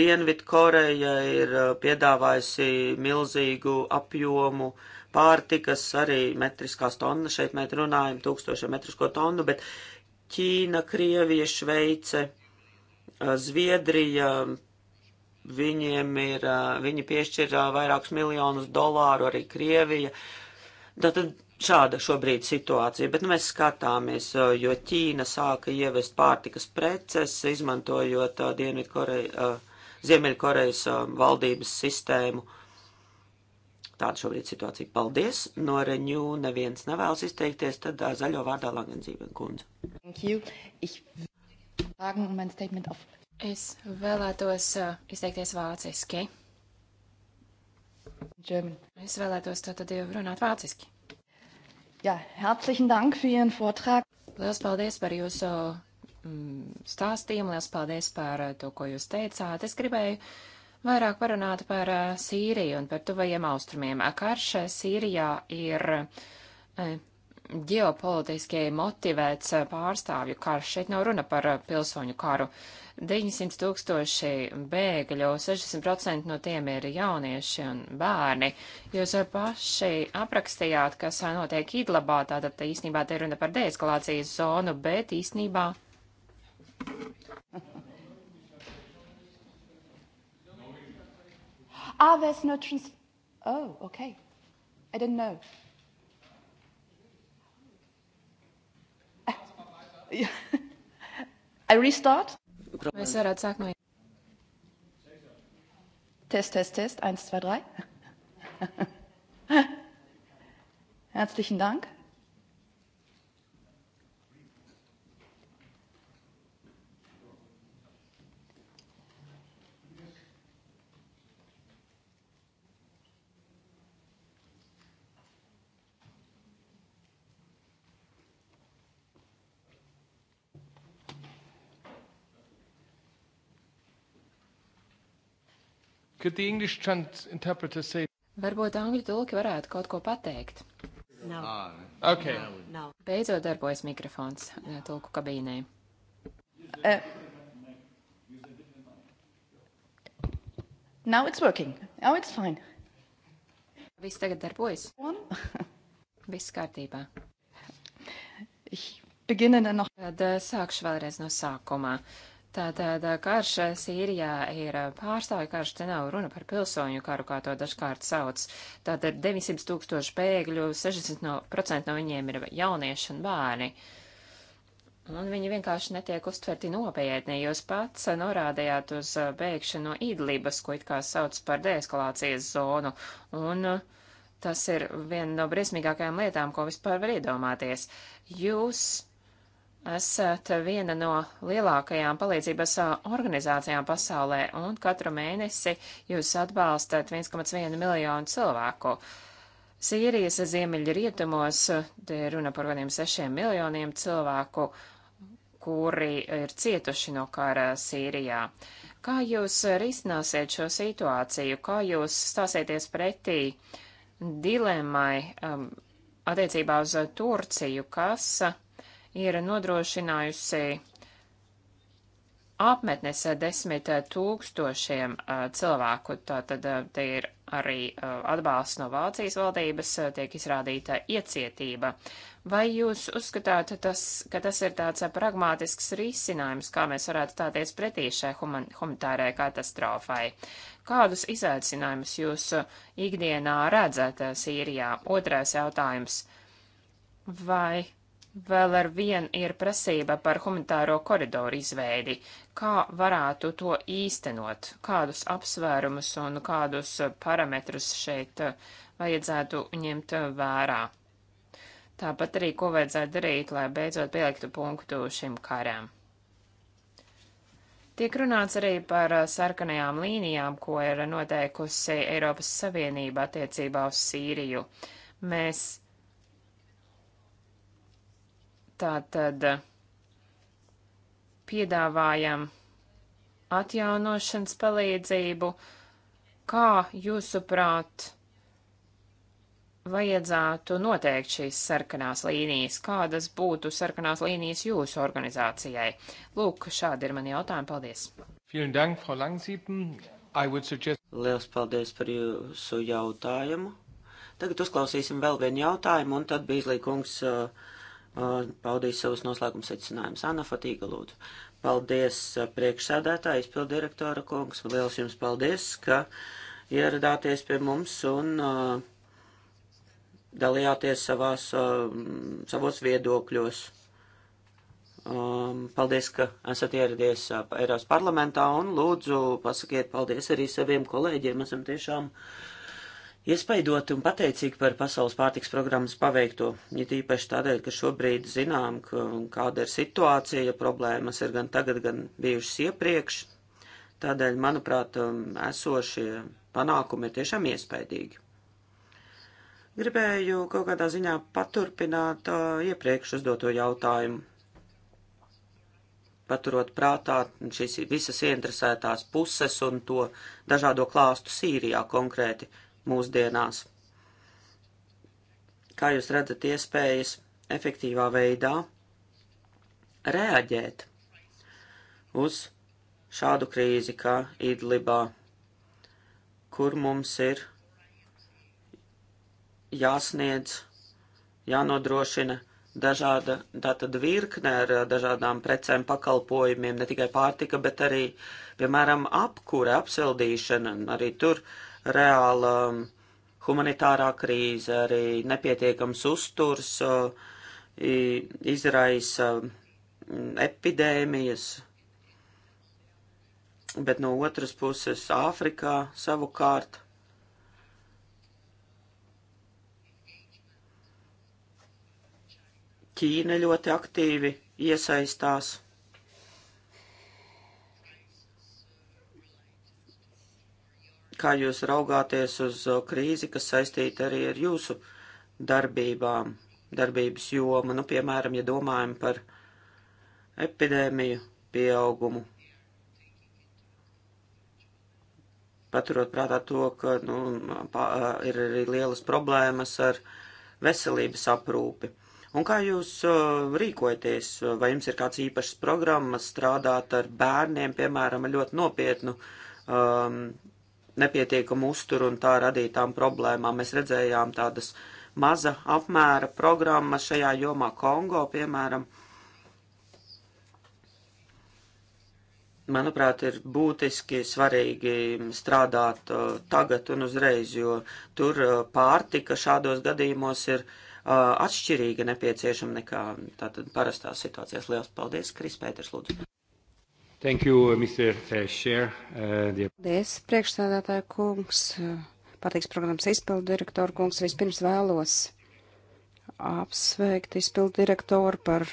Dienvid Koreja ir piedāvājusi milzīgu apjomu pārtikas, arī metriskās tonnas, šeit mēs runājam tūkstošiem metrisko tonu, bet Ķīna, Krievija, Šveice, Zviedrija Viņiem ir, viņi piešķir vairākus miljonus dolāru arī Krievija. Tātad šāda šobrīd situācija, bet nu, mēs skatāmies, jo Ķīna sāka ievest pārtikas preces, izmantojot uh, Dienvidkoreja, uh, Ziemeļkorejas uh, valdības sistēmu. Tāda šobrīd situācija. Paldies! No Reņū neviens nevēlas izteikties, tad uh, zaļo vārdā Langenzīven kundze. Thank you. Ich... Fragen, mein Statement auf Es vēlētos eh, izteikties vāciski. German. Es vēlētos tātad jau runāt vāciski. Jā, ja, herzlichen Dank für Ihren Vortrag. Liels paldies par jūsu mm, stāstījumu, liels paldies par eh, to, ko jūs teicāt. Es gribēju vairāk parunāt par eh, Sīriju un par tuvajiem austrumiem. Karš Sīrijā ir ģeopolitiski motivēts eh, pārstāvju karš. Šeit nav runa par eh, pilsoņu karu. 900 tūkstoši bēgļu, 60% no tiem ir jaunieši un bērni. Jūs eh, paši aprakstījāt, kas notiek Idlabā, tātad īsnībā te runa par deeskalācijas zonu, bet īsnībā. Ah, there's no trans... Oh, okay. I didn't know. I restart? Mēs varētu sākt no. Test, test, test. 1, 2, 3. Herzlichen Dank. Could the English interpreter say? Varbūt angļu tulki varētu kaut ko pateikt. Nav. No. Ah, ah, okay. Nav. No. No. Beidzot darbojas mikrofons eh, tulku kabīnē. Uh, now it's working. Now it's fine. Viss tagad darbojas. Viss kārtībā. Tad eh, sākšu vēlreiz no sākumā. Uh, Tātad uh, karš uh, Sīrijā ir uh, pārstāvju karš, te nav runa par pilsoņu karu, kā to dažkārt sauc. Tātad 900 tūkstoši bēgļu, 60% no, no viņiem ir jaunieši un bērni. Un viņi vienkārši netiek uztverti nopietni. Jūs pats norādījāt uz bēgšanu no Idlibas, ko it kā sauc par deeskalācijas zonu. Un tas ir viena no briesmīgākajām lietām, ko vispār var iedomāties. Jūs esat viena no lielākajām palīdzības organizācijām pasaulē, un katru mēnesi jūs atbalstat 1,1 miljonu cilvēku. Sīrijas ziemeļa rietumos, te runa par kādiem 6 miljoniem cilvēku, kuri ir cietuši no kara Sīrijā. Kā jūs risināsiet šo situāciju? Kā jūs stāsieties pretī dilemai um, attiecībā uz Turciju, kas uh, ir nodrošinājusi apmetnes desmit tūkstošiem cilvēku. Tātad te ir arī atbalsts no Vācijas valdības, tiek izrādīta iecietība. Vai jūs uzskatāt, tas, ka tas ir tāds pragmātisks risinājums, kā mēs varētu stāties pretī šai humanitārai katastrofai? Kādus izaicinājumus jūs ikdienā redzat Sīrijā? Otrais jautājums. Vai Vēl ar vien ir prasība par humanitāro koridoru izveidi. Kā varētu to īstenot? Kādus apsvērumus un kādus parametrus šeit eh, vajadzētu ņemt eh, vērā? Tāpat arī, ko vajadzētu darīt, lai beidzot pieliktu punktu šim karam. Tiek runāts arī par eh, sarkanajām līnijām, ko ir noteikusi Eiropas Savienība attiecībā uz Sīriju. Mēs Tātad piedāvājam atjaunošanas palīdzību, kā jūsuprāt vajadzētu noteikt šīs sarkanās līnijas, kādas būtu sarkanās līnijas jūsu organizācijai? Lūk, šādi ir mani jautājumi. Paldies! Dank, suggest... Liels paldies par jūsu jautājumu. Tagad uzklausīsim vēl vienu jautājumu, un tad Bīzlī kungs uh, paudīs savus noslēguma secinājumus. Anna Fatīga lūdzu. Paldies priekšsēdētāji, izpildirektora kungs. Liels jums paldies, ka ieradāties pie mums un uh, dalījāties savās, uh, savos viedokļos. Um, paldies, ka esat ieradies uh, Eiropas parlamentā un lūdzu pasakiet paldies arī saviem kolēģiem. Esam tiešām uh, iespaidoti un pateicīgi par pasaules pārtiks programmas paveikto, ja tīpaši tādēļ, ka šobrīd zinām, ka, kāda ir situācija, ja problēmas ir gan tagad, gan bijušas iepriekš. Tādēļ, manuprāt, um, esošie panākumi ir tiešām iespaidīgi. Gribēju kaut kādā ziņā paturpināt uh, iepriekš uzdoto jautājumu. Paturot prātā šīs visas ieinteresētās puses un to dažādo klāstu Sīrijā konkrēti, mūsdienās. Kā jūs redzat iespējas efektīvā veidā reaģēt uz šādu krīzi kā Idlibā, kur mums ir jāsniedz, jānodrošina dažāda tātad virkne ar dažādām precēm, pakalpojumiem, ne tikai pārtika, bet arī, piemēram, apkūra, apsildīšana, arī tur uh, reāla um, humanitārā krīze, arī nepietiekams uzturs uh, izraisa mm, epidēmijas, bet no otras puses Āfrikā savukārt. Ķīna ļoti aktīvi iesaistās. kā jūs raugāties uz uh, krīzi, kas saistīta arī ar jūsu darbībām, darbības jomu, nu, piemēram, ja domājam par epidēmiju pieaugumu. Paturot prātā to, ka nu, pā, ir arī lielas problēmas ar veselības aprūpi. Un kā jūs uh, rīkojaties? Vai jums ir kāds īpašs programmas strādāt ar bērniem, piemēram, ļoti nopietnu um, nepietiekamu uzturu un tā radītām problēmām. Mēs redzējām tādas maza apmēra programmas šajā jomā Kongo, piemēram. manuprāt, ir būtiski svarīgi strādāt uh, tagad un uzreiz, jo tur uh, pārtika šādos gadījumos ir uh, atšķirīga nepieciešama nekā tātad parastās situācijās. Liels paldies, Kris Pēters, lūdzu. Thank you, uh, Mr. Uh, Chair. Uh, the... Paldies, priekšstādātāja kungs, patīks programmas izpildu direktoru kungs. Vispirms vēlos apsveikt izpildu direktoru par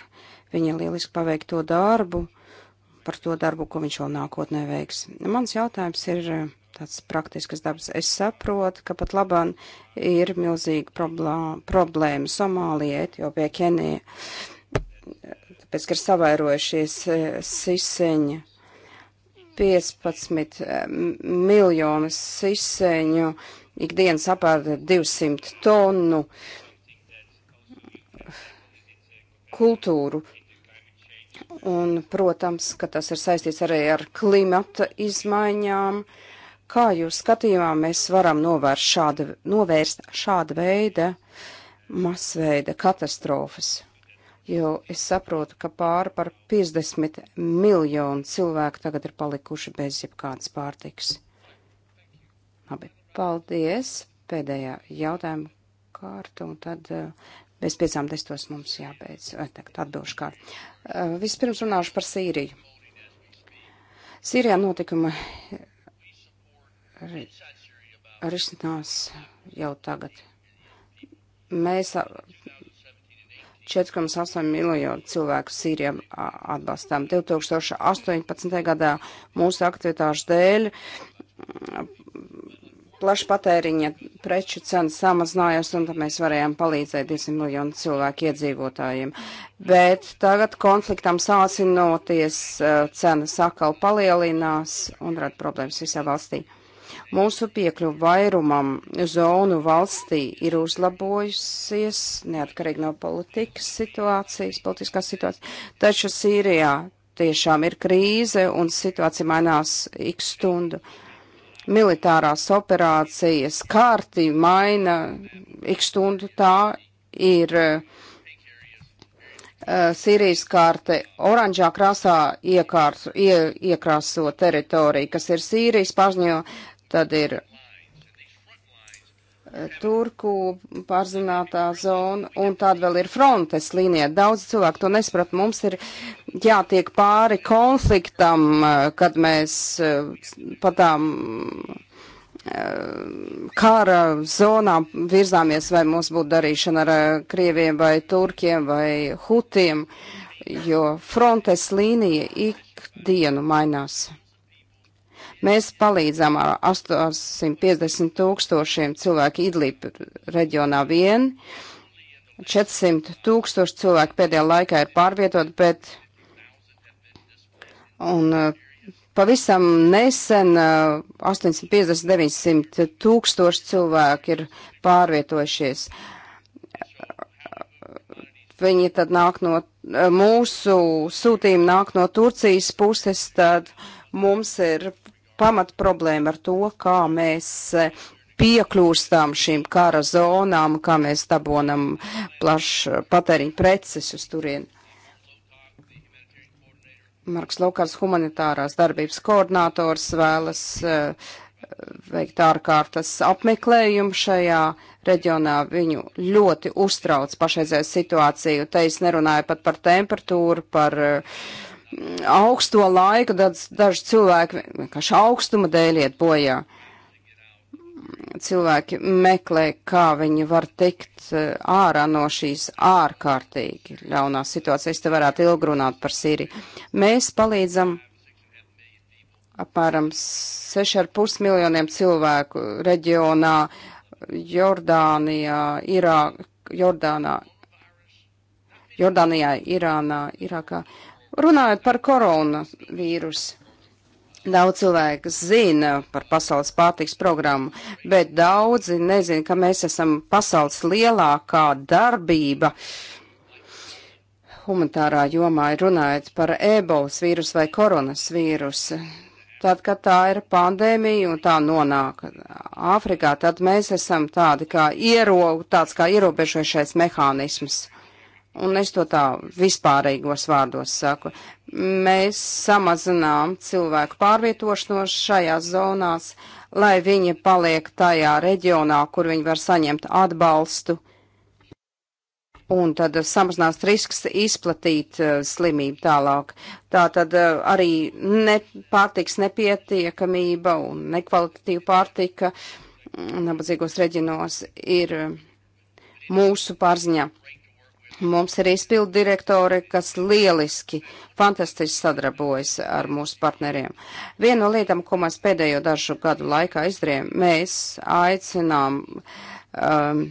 viņa lieliski paveikto darbu, par to darbu, ko viņš vēl nākotnē veiks. Mans jautājums ir uh, tāds praktisks darbs. Es saprotu, ka pat labāk ir milzīga problēma Somālijai, jo pie Kenija tāpēc, ka ir savairojušies e, siseņi. 15 e, miljonu siseņu, ikdienas apēda 200 tonu kultūru. Un, protams, ka tas ir saistīts arī ar klimata izmaiņām. Kā jūs skatījumā mēs varam novērst šāda, novērst šāda veida masveida katastrofas? jo es saprotu, ka pāri par 50 miljonu cilvēku tagad ir palikuši bez jebkādas pārtiks. Labi, paldies. Pēdējā jautājuma kārta, un tad eh, bez piecām desmitos mums jābeidz eh, atbilžu kārta. Eh, vispirms runāšu par Sīriju. Sīrijā notikuma risinās jau tagad. Mēs 4,8 miljonu cilvēku Sīrijam atbalstām. 2018. gadā mūsu aktivitāšu dēļ mm, plašpatēriņa preču cenas samazinājās, un tad mēs varējām palīdzēt 200 miljonu cilvēku iedzīvotājiem. Bet tagad konfliktam sācinoties, cenas atkal palielinās un rada problēmas visā valstī. Mūsu piekļuva vairumam zonu valstī ir uzlabojusies, neatkarīgi no politikas situācijas, politiskās situācijas, taču Sīrijā tiešām ir krīze un situācija mainās ik stundu. Militārās operācijas kārti maina ik stundu tā ir uh, Sīrijas kārte oranžā krāsā iekārso, ie, iekrāso teritoriju, kas ir Sīrijas paziņo Tad ir e, Turku pārzinātā zona, un tāda vēl ir frontes līnija. Daudz cilvēku to nesprat. Mums ir jātiek pāri konfliktam, e, kad mēs e, patām kara zonām virzāmies, vai mums būtu darīšana ar krieviem vai turkiem vai hutiem, jo frontes līnija ikdienu mainās. Mēs palīdzam ar 850 tūkstošiem cilvēku Idlīp reģionā vien. 400 tūkstoši cilvēku pēdējā laikā ir pārvietot, bet un pavisam nesen 850-900 tūkstoši cilvēku ir pārvietojušies viņi tad nāk no mūsu sūtījumi nāk no Turcijas puses, tad mums ir pamat problēma ar to, kā mēs e, piekļūstam šīm kara zonām, kā mēs dabonam plašu e, patēriņu preces uz turieni. Marks Laukars, humanitārās darbības koordinators, vēlas uh, veikt ārkārtas apmeklējumu šajā reģionā. Viņu ļoti uztrauc pašreizējā situācija, te es nerunāju pat par temperatūru, par uh, augsto laiku, tad daži cilvēki vienkārši augstuma dēļ iet bojā. Cilvēki meklē, kā viņi var tikt eh, ārā no šīs ārkārtīgi ļaunās situācijas. Te varētu ilgi runāt par Sīriju. Mēs palīdzam apmēram 6,5 miljoniem cilvēku reģionā, Jordānijā, Irāk, Jordānā, Jordānijā, Irānā, Irākā. Runājot par koronavīrusu, daudz cilvēku zina par pasaules pārtiks programmu, bet daudzi nezina, ka mēs esam pasaules lielākā darbība. Humanitārā jomā ir runājot par ebolas vīrusu vai koronas vīrusu. Tad, kad tā ir pandēmija un tā nonāk Āfrikā, tad mēs esam tādi kā, iero, tāds kā ierobežojušais mehānisms un es to tā vispārīgos vārdos saku, mēs samazinām cilvēku pārvietošanos šajās zonās, lai viņi paliek tajā reģionā, kur viņi var saņemt atbalstu, un tad samazinās risks izplatīt uh, slimību tālāk. Tā tad uh, arī ne, pārtiks nepietiekamība un nekvalitatīva pārtika mm, nabadzīgos reģionos ir uh, mūsu pārziņā. Mums ir izpildu direktori, kas lieliski, fantastiski sadarbojas ar mūsu partneriem. Viena no lietām, ko mēs pēdējo dažu gadu laikā izdarījām, mēs aicinām um,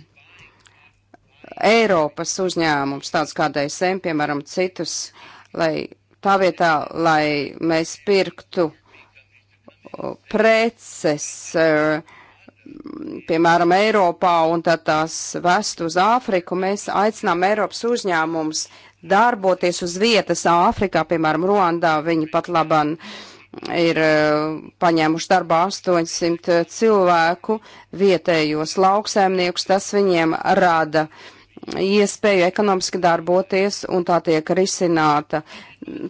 Eiropas uzņēmums, tāds kā DSM, piemēram, citus, lai tā vietā, lai mēs pirktu uh, preces, uh, piemēram, Eiropā un tad tās vest uz Āfriku, mēs aicinām Eiropas uzņēmumus darboties uz vietas Āfrikā, piemēram, Ruandā, viņi pat laban ir e, paņēmuši darbā 800 e, cilvēku vietējos lauksēmniekus, tas viņiem rada iespēju ekonomiski darboties un tā tiek risināta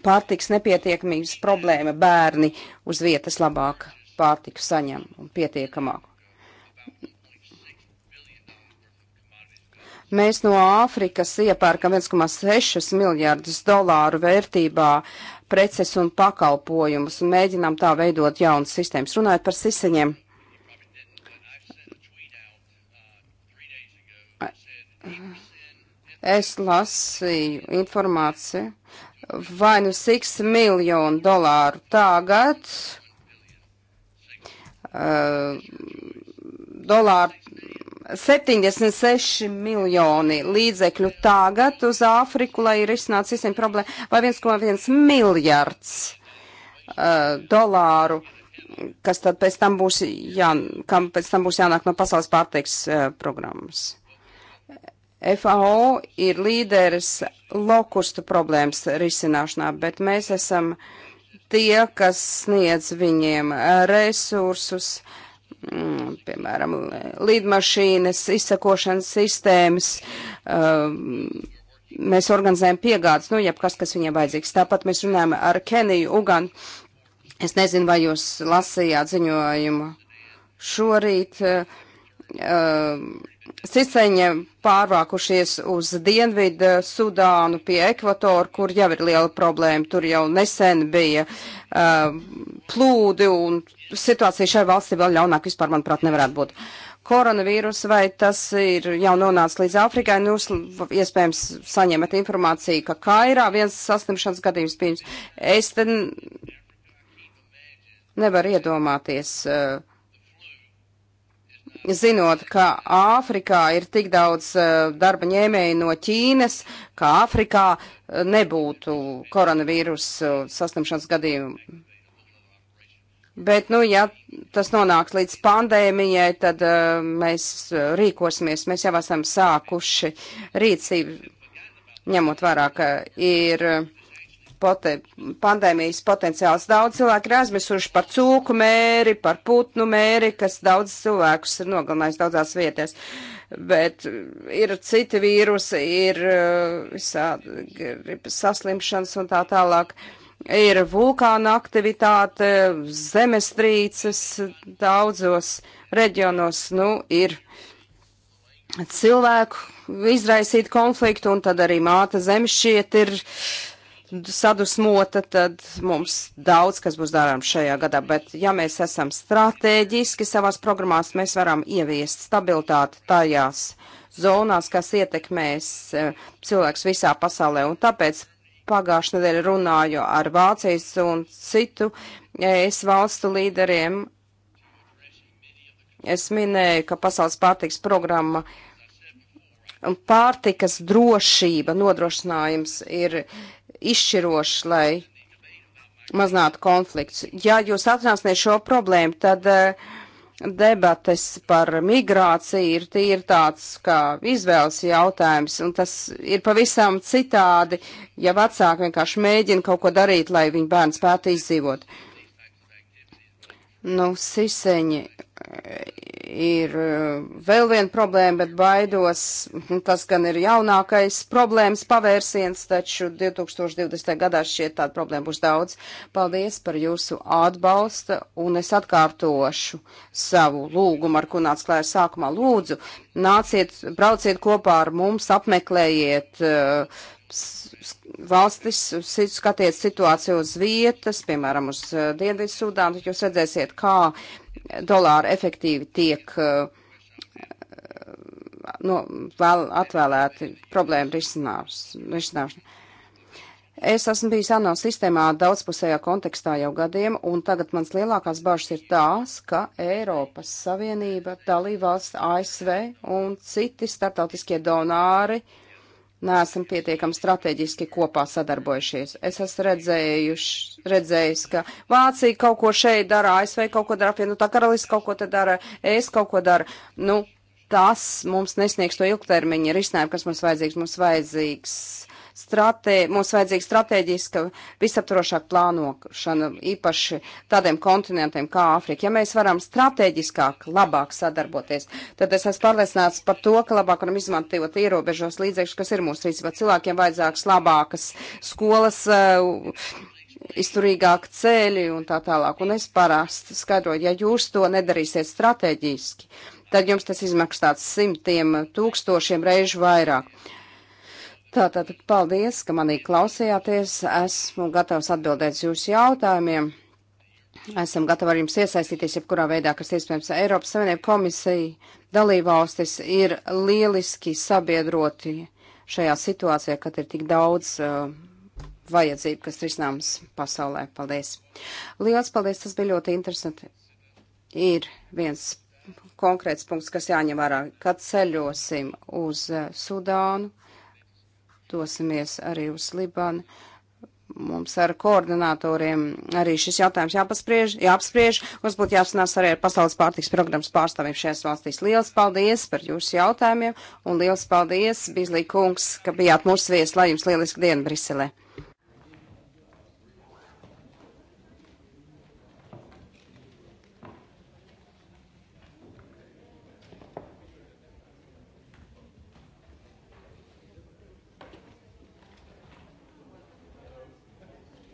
pārtiks nepietiekamības problēma bērni uz vietas labāk pārtiku saņem un pietiekamāku. Mēs no Āfrikas iepērkam 1,6 miljārdus dolāru vērtībā preces un pakalpojumus un mēģinām tā veidot jaunas sistēmas. Runājot par siseņiem. Es lasīju informāciju. Vai nu 6 miljonu dolāru tagad, uh, dolāru 76 miljoni līdzekļu tagad uz Āfriku, lai ir izsnāca visiem problēma, vai 1,1 miljards uh, dolāru, kas tad pēc tam būs, jā, kam pēc tam būs jānāk no pasaules pārteiks uh, programmas. FAO ir līderis lokustu problēmas risināšanā, bet mēs esam tie, kas sniedz viņiem resursus, uh, Mm, piemēram, lidmašīnas, izsakošanas sistēmas, um, mēs organizējam piegādes, nu, jebkas, kas viņiem vajadzīgs. Tāpat mēs runājam ar Keniju, Ugan. Es nezinu, vai jūs lasījāt ziņojumu šorīt. Uh, um, siseņi pārvākušies uz Dienvidu Sudānu pie ekvatoru, kur jau ir liela problēma. Tur jau nesen bija uh, plūdi un situācija šai valstī vēl ļaunāk vispār, manuprāt, nevarētu būt. Koronavīrus vai tas ir jau nonācis līdz Āfrikai, nu, iespējams, saņemat informāciju, ka Kairā viens saslimšanas gadījums pieņems. Es te nevaru iedomāties. Uh, zinot, ka Āfrikā ir tik daudz eh, darba ņēmēju no Ķīnas, ka Āfrikā eh, nebūtu koronavīrus eh, saslimšanas gadījumu. Bet, nu, ja tas nonāks līdz pandēmijai, tad uh, mēs rīkosimies, mēs jau esam sākuši rīcību, ņemot vērā, ka ir pote, pandēmijas potenciāls. Daudz cilvēku ir aizmirsuši par cūku mēri, par putnu mēri, kas daudz cilvēkus ir nogalinājis daudzās vietās. Bet ir citi vīrusi, ir uh, visādi gripas saslimšanas un tā tālāk. Ir vulkāna aktivitāte, zemestrīces daudzos reģionos, nu, ir cilvēku izraisīt konfliktu, un tad arī māte zemes šiet ir uh, sadusmota, tad mums daudz, kas būs darāms šajā gadā, bet ja mēs esam strateģiski savās programmās, mēs varam ieviest stabilitāti tajās zonās, kas ietekmēs e, cilvēks visā pasaulē. Un tāpēc pagājušajā nedēļā runāju ar Vācijas un citu es valstu līderiem. Es minēju, ka pasaules pārtiks programma uh, pārtikas drošība, nodrošinājums ir izšķirošs, lai maznātu konflikts. Ja jūs atrināsiet šo problēmu, tad eh, debates par migrāciju ir tīri tāds kā izvēles jautājums, un tas ir pavisam citādi, ja vecāki vienkārši mēģina kaut ko darīt, lai viņu bērns spētu izdzīvot. Uh, Nu, siseņi e, ir e, vēl viena problēma, bet baidos, nu, tas gan ir jaunākais problēmas pavērsiens, taču 2020. gadā šķiet tāda problēma būs daudz. Paldies par jūsu atbalsta, un es atkārtošu savu lūgumu, ar ko nāc klāja sākumā. Lūdzu, nāciet, brauciet kopā ar mums, apmeklējiet uh, valstis skatiet situāciju uz vietas, piemēram, uz eh, Dienvidu Sudānu, tad jūs redzēsiet, kā dolāri efektīvi tiek nu, vēl atvēlēti problēmu risināšanu. Es esmu bijis ANO sistēmā daudzpusējā kontekstā jau gadiem, un tagad mans lielākās bažas ir tās, ka Eiropas Savienība, dalībvalsts, ASV un citi startautiskie donāri uh, neesam pietiekami strateģiski kopā sadarbojušies. Es esmu redzējuši, redzējis, ka Vācija kaut ko šeit dara, ASV kaut ko dara, apvienotā karalists kaut ko te dara, es kaut ko daru. Nu, tas mums nesniegs to ilgtermiņa risinājumu, kas mums vajadzīgs. Mums vajadzīgs stratē, mums vajadzīga strateģiska, visaptrošāka plānošana, īpaši tādiem kontinentiem kā Āfrika. Ja mēs varam strateģiskāk, labāk sadarboties, tad es esmu pārliecināts par to, ka labāk varam izmantot ierobežos līdzekļus, kas ir mūsu rīcībā. Cilvēkiem vajadzāks labākas skolas. Uh, izturīgāk ceļi un tā tālāk. Un es parasti skaidroju, ja jūs to nedarīsiet strateģiski, tad jums tas izmaksās simtiem tūkstošiem reižu vairāk. Tātad paldies, ka manī klausījāties. Esmu gatavs atbildēt jūsu jautājumiem. Esam gatavi ar jums iesaistīties, jebkurā veidā, kas iespējams Eiropas Savienība komisija dalībvalstis ir lieliski sabiedroti šajā situācijā, kad ir tik daudz uh, vajadzību, kas risināms pasaulē. Paldies! Liels paldies, tas bija ļoti interesanti. Ir viens konkrēts punkts, kas jāņem vērā, kad ceļosim uz uh, Sudānu dosimies arī uz Libanu. Mums ar koordinatoriem arī šis jautājums jāpaspriež, jāapspriež. Mums būtu jāapsinās arī ar Pasaules pārtiks programmas pārstāvjiem šajās valstīs. Liels paldies par jūsu jautājumiem un liels paldies, Bizlī kungs, ka bijāt mūsu viesi, lai jums lieliski diena Briselē.